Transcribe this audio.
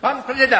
Pan Preda.